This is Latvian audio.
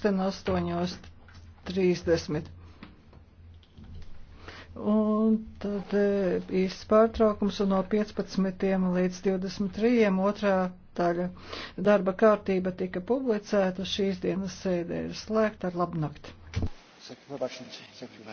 pulksten 8.30. Un tad e, īsts pārtraukums un no 15. līdz 23. otrā daļa darba kārtība tika publicēta šīs dienas sēdē ir slēgta ar labnakti. Saku,